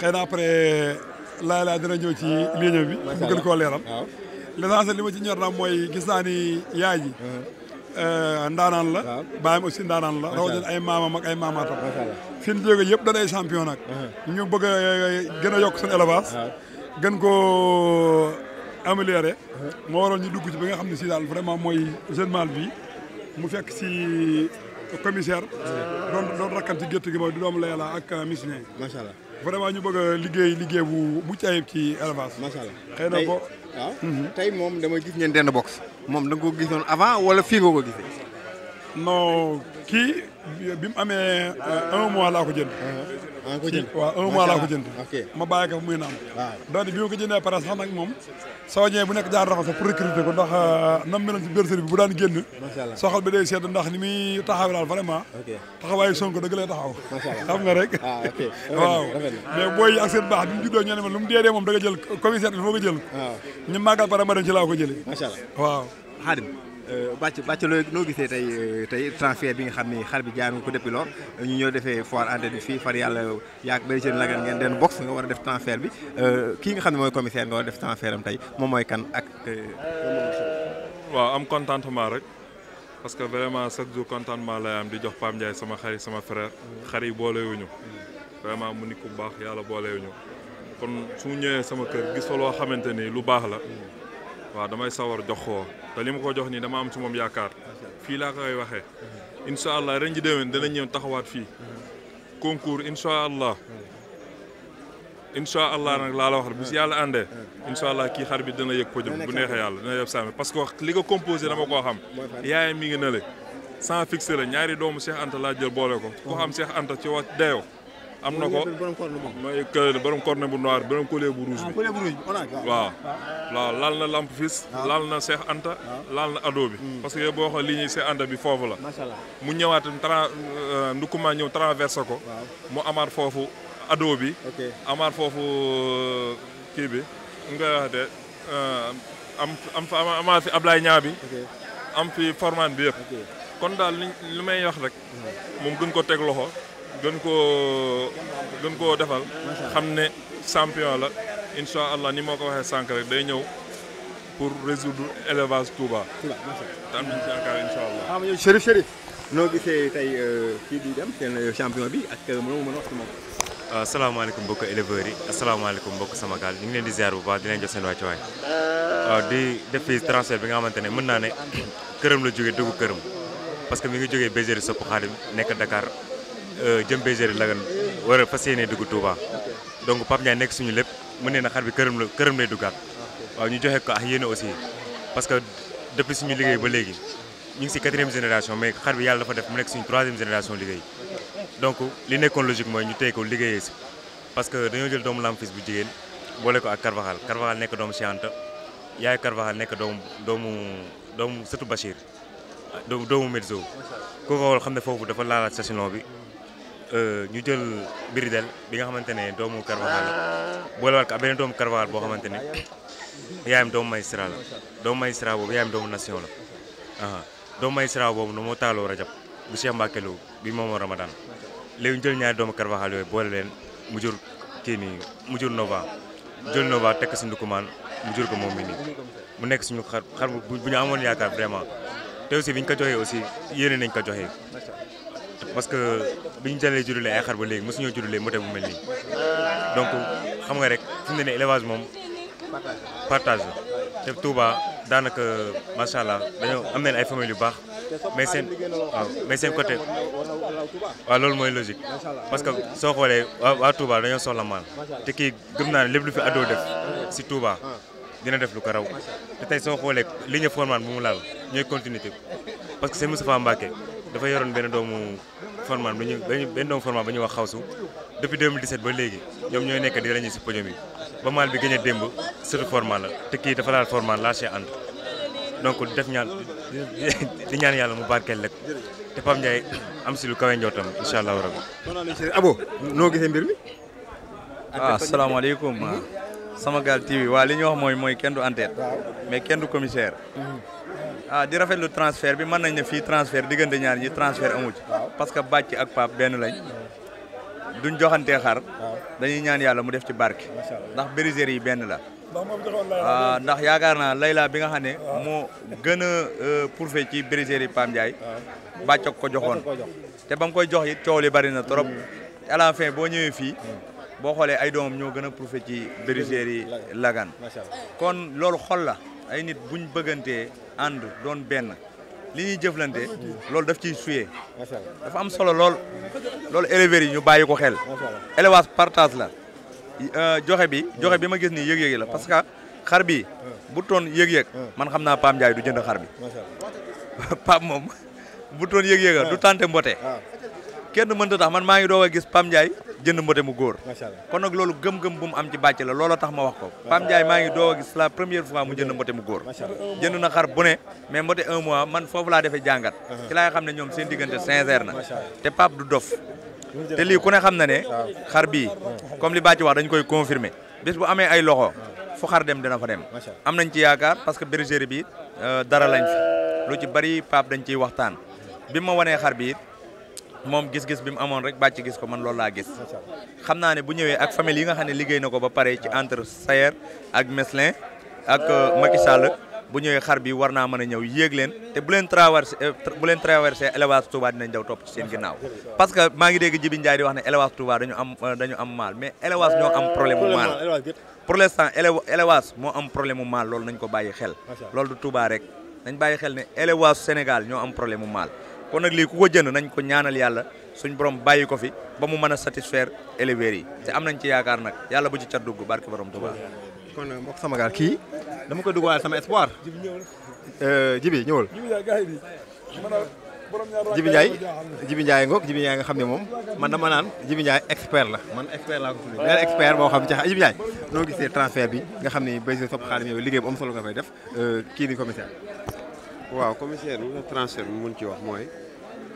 xëy na après laay laay dina ñëw ci ligne bi mu gën koo leeral l'essentiel li ma ci ñor na mooy gis naa ni yaay ji ndaanaan la baayam aussi ndaanaan la rawatina ay maamam ak ay maamaatam fi ñu jóge yëpp danay champion nag ñu bëgg a gën a yokk seen élevage gën koo amélioré moo waroon ñu dugg ci bi nga xam ne si daal vraiment mooy jeune mâle bi mu fekk si commissaire doon doon rakkam ci gétt gi mooy du doomu layla ak misne macha allah vraiment ñu bëgg a liggéey liggéey bu mucc ayib ci élevage. macha allah xëy na ko ah, mhm. tey moom dama gis ngeen dend box. moom da nga ko avant wala fii nga ko gisee. non kii bi mu amee euh, un mois laa ko jënd. Uh-huh. waaw un mois laa ko jënd ma bàyyi ko fa muy naan donc bi ma ko jëndee pare sax moom soo ñëwee bu nekk jaar raxas pour recruter ko ndax euh, nam meloon ci bergerie bi bu daan génn soxal bi day sedd ndax ni muy taxaw daal vraiment taxawaayu Sonko dëgg lay taxaw xam nga rek ah, waaw mais booy ak seen baax bi mu juddoo ñoo ne ma lu mu deedee moom da nga jël commissaire bi foo ko jël ñu ah. màggal pare ma dem ci laa ko jëlee waaw xaadim Euh, bàcc bàcc loo noo gisee tey euh, tey transfert bi nga xam ni xar bi jaay ko depuis lors ñu ñëw defee foire antenne bi fii far yàlla yaag béy seen lagan ngeen den box nga war a def transfert bi euh, kii nga xam ne mooy commissaire nga war a def transfert tey moom mooy kan ak. waaw am contentement rek parce que vraiment chaque jour contentement lay am di jox Pam Ndiaye sama xarit sama frère xar yi ñu vraiment mu nit bu baax yàlla boolewuñu kon su ñëwee sama kër loo xamante ni lu baax la. waaw damay sawar jox ko te li ma ko jox nii dama am ci moom yaakaar fii laa koy waxee incha allah ren ji déwén dana ñëw taxawaat fii concours incha allah incha nag laa la wax bu si yàlla àndee incha allah kii xar bi dana yëg podium bu neexee yàlla dina def saami parce que li ko composé dama koo xam yaayam mi ngi ne le sans fixer ñaari doomu seex Anta laa jël boole ko ko xam Cheikh Anta ci wax dayoo am na ko mooy borom corne bu noir borom collier bu rouge ah, bi waaw waaw laal na lamp fils ah. laal na Cheikh Anta ah. laal na ado bi hmm. parce que boo xoolee li ñuy Cheikh Anta bi foofu la mu ñëwaat tra euh, ndukkumaa ñëw traversé ko mu amaat foofu ado bi amaat foofu euh, kii bi nga waxate euh, am am fi Ablaye Ñaa bi am fi forman bi yëpp kon daal li may wax rek hmm. moom gën ko teg loxo gën koo gën koo defal. xam ne champion la incha allah ni moo ko waxee sànq rek day ñëw pour résoudre élevage Touba. Touba macha allah te ah, noo gisee tey euh, kii di dem seen euh, champion bi ak euh, moom mën a wax ci moom. waaw ah, salaamaaleykum mbokki éleveurs yi asalaamaaleykum mbokki sama gaal ñu ngi leen di ziar bu baax di leen jox seen wàccuwaay waaw ah, di def fii transfert bi nga xamante ne mën naa ne këram la jógee dugg këram parce que mi ngi jógee Bergerie Sopp Xaadim nekk Dakar. Euh, jëm bergerie Lagane war a fas yéene dugg Touba donc Pape Ndiaye nekk suñu lépp mu ne na xar bi këram la këram lay duggaat waaw ñu joxe ko ak yéen aussi parce que depuis suñu liggéey ba léegi ñu ngi si quatrième génération mais xar bi yàlla dafa def mu nekk suñu troisième génération liggéey donc li nekkoon logique mooy ñu tey ko liggéeyee si parce que dañoo jël doomu lamfis bu jigéen boole ko ak Carvajal Carvajal nekk doomu Cheikh Anta yaay Carvajal nekk doomu doomu doomu sëtu Bachir doomu Medzo ku ko xool xam ne foofu dafa laalaat bi Euh, ñu jël Biridel bi nga xamante ne doomu Carvajal la boolewaat ko ak beneen doomu Carvajal boo xamante ne yaayam doomu magistrat la doomu magistrat boobu yaayam doomu nation la ah doomu magistrat boobu no moo taaloo rajab bu Cheikh Mbacke Lo bi moomoo Ramadan léegi ñu jël ñaar doomu Carvajal yooyu boole leen mu jur kii nii mu jur Nova jël Nova tekk si ndukumaan mu jur ko moom mi mu nekk suñu xar xar bu ñu amoon yaakaar vraiment te aussi bi ñu ko joxee aussi yéene nañ ko joxee parce que bi ñu jëlee juddulee ay xar ba léegi mosuñoo juddulee moto bu mel nii donc xam nga rek fi mu ne nii moom partage la te Touba daanaka macha allah dañoo am nañ ay famille yu baax mais seen waaw mais côté waaw loolu mooy logique parce que soo xoolee waa waa dañoo soxla maal te kii gëm naa ne lépp lu fi addoo def si Touba dina def lu ko raw te tey soo xoolee li ñu bu mu laal ñooy continuité parce que seen Moustapha Mbacké dafa yoroon benn doomu. format bi ñu benn doomu format ba ñuy wax xawsu depuis 2017 ba léegi ñoom ñooy nekk di lañu si podium yi ba maal bi gën a démb surtout format la te kii dafa laal format lâché ànd donc def ñaan di ñaan yàlla mu barkeel rek te Pape Ndiaye am si lu kawe njootam incha allahu rabi. abo noo gisee mbir mi. waaw ah, asalaamaaleykum. sama gaal TV waa li ñu mooy mooy kenn du en mais kenn du commissaire. Mm-hmm. ah rafet lu transfer bi mën nañ ne fii transfert diggante ñaar ñi transfert amu ci. parce que bàcc ak paap benn lañ. duñ joxantee xar. dañuy ñaan yàlla mu def ci barke. ndax bergerie yi benn la. Ah, ndax yaakaar naa Layla bi nga xam ne. moo gën a euh, pourfait ci bergerie Pam Ndiaye. bàcc ko joxoon te ba mu koy jox it coow li bari na trop. Mm. à la boo ñëwee fii. Mm. boo xoolee ay doom ñoo gën a pourfait ci bergerie yi Lagan. kon loolu xol la ay nit buñ bëggantee. ànd doon benn li ñuy jëflante loolu daf ciy suyee dafa am solo lool loolu éleveurs ñu bàyyi ko xel élevage partage la euh, joxe bi hmm. joxe bi ma gis nii yëg-yëg la hmm. parce que xar bi hmm. bu toon yëg-yëg man xam naa Pam Ndiaye du jënd xar bi Pam moom bu toon yëg-yëg du tante mbote ah. kenn mënta tax man maa ngi doog a gis Pam Ndiaye jënd mbëte mu góor kon nag loolu gëm-gëm bu mu am ci bàcc la looloo tax ma wax ko Pam Ndiaye maa ngi doog a gis la première fois mu jënd mbëte mu góor jënd na xar bu ne mais mbëte un man foofu laa defee jàngat uh-huh. ci laay xam ne ñoom seen diggante sincère na te Pape du dof te lii ku ne xam na ne xar bii uh-huh. comme li bàcc wax dañ koy confirmer bés bu amee ay loxo uh-huh. fu xar dem dina fa dem am nañ ci yaakaar parce que bergerie bi euh, dara lañ fi lu ci bari Pape dañ ciy waxtaan bi ma wanee xar bi moom gis-gis bi mu amoon rek bàcc gis ko man loolu laa gis xam naa ne bu ñëwee ak famille yi nga xam ne liggéey na ko ba pare ci entre Sayer ak Meslin ak euh, Macky Sall bu ñëwee xar bi war naa mën a ñëw yéeg leen te bu leen traversé euh, bu leen traversé élevage Touba dinañ daw topp ci seen ginnaaw parce que maa ngi dégg Jibi Ndiaye di wax ne élevage Touba dañu am euh, dañu am maal mais élevage ñoo am problème mu maal pour l'instant élevage moo am problème mu maal loolu nañ ko bàyyi xel loolu du Touba rek bàyyi xel ne élevage Sénégal ñoo am problème mu maal kon nak li ku ko jënd nañ ko ñaanal yalla suñ borom bayiko fi ba mu mëna satisfaire éleveurs yi té am nañ ci yaakar nak yalla bu ci ca dugg barke borom tuba kon mok sama gal ki dama ko dugg sama espoir euh, jibi ñëwul Jibi Ndiaye Jibi Ndiaye ngoog Jibi ñay nga xamni mom man dama naan Jibi ñay expert la man expert la ko tuddee ñaar expert bo xam ci Jibi ñay do gisee transfert bi nga xamni beuse béy si sopp xaalis yow liggéey bu am solo nga fay def euh ki ni commissaire waaw commissaire transfert mu mën ci wax moy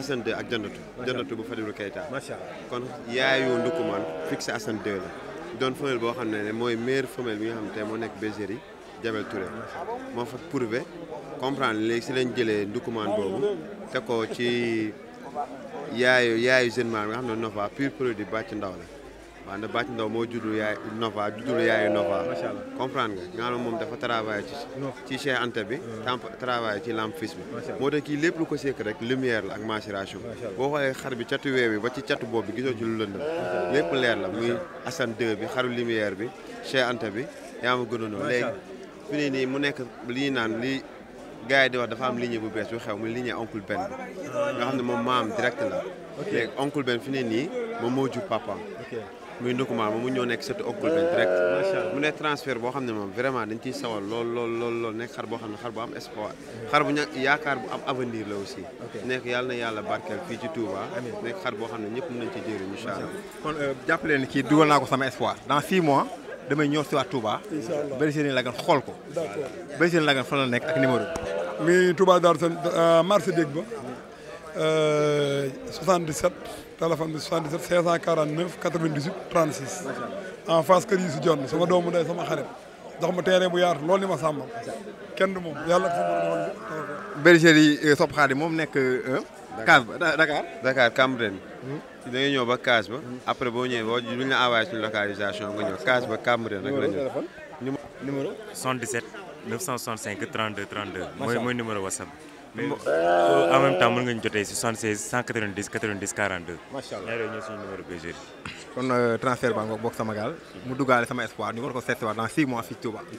Assane 2 ak Jannatu Jannatu bu Fadilou Keita macha kon yaayu Ndoukoumane fixé Assane 2 la doon femelle boo xam ne mooy meilleure femelle bi nga xam te moo nekk bergerie Jabel Touré moo fa prouvé comprendre léegi si lañ jëlee Ndoukoumane boobu te ko ci yaayu yaayu jeune mâle nga xam ne Nova pur produit bàcc ndaw la waaw ndax Bathie Ndao moo juddu yaay Nova juddu yaayu Nova. macha allah comprendre nga nga moom dafa travaillé ci. ci bi. Mm. temps travaillé ci lamphisme. macha allah kii lépp lu ko sekk rek lumière ak macération. boo xoolee xar bi catu wee bi ba ci catu bopp bi gisoo ci lépp leer la muy Assane bi xaru lumière bi Cheikh Anta bi yaa ma gënoonoo. léegi fi mu nekk li ñu naan li gars yi di wax dafa am bu bees bu xew muy lignée oncle Ben bi. Ah. nga xam ne moom maam direct la. léegi oncle Ben fi ne nii moom moo jur papaam. muy Ndoukouma mu mu nekk nekk xar boo xam ne xar bu la aussi. nekk yàlla euh, damay ñëw si waat Touba. incha allah Bergerie xool ko. d' accord Bergerie Lagane fan la nekk ak numéro bi. muy Touba Darou Sane euh, marché dégg ba. 77 téléphone bi 77 549 98 36. macha allah en face kër yi si jonn sama doomu day sama xarit. jox ma teere bu yaatu loolu ni ma sàmm. kenn du moom yàlla ak sama bergerie euh, Sopp Xaadim moom nekk. Euh, Kaas ba Dakar. Dakar Cambérène. Hmm. da ngay ñëw ba Kaas ba. Hmm. après boo ñëwee boo duñ la envoyé suñu localisation nga ñëw Kaas ba Cambérène rek la ñëw. numéro 77 965 32 32. mooy mooy numéro WhatsApp. Euh, en même temps mën nga ñu jotee si 76 190 90 42. macha allah ñaareel ñoo suñu numéro bergerie. kon euh, transfert ba nga bokk sama gaal. mu duggaale sama espoir ñu war ko seet si waat dans 6 mois fii Touba.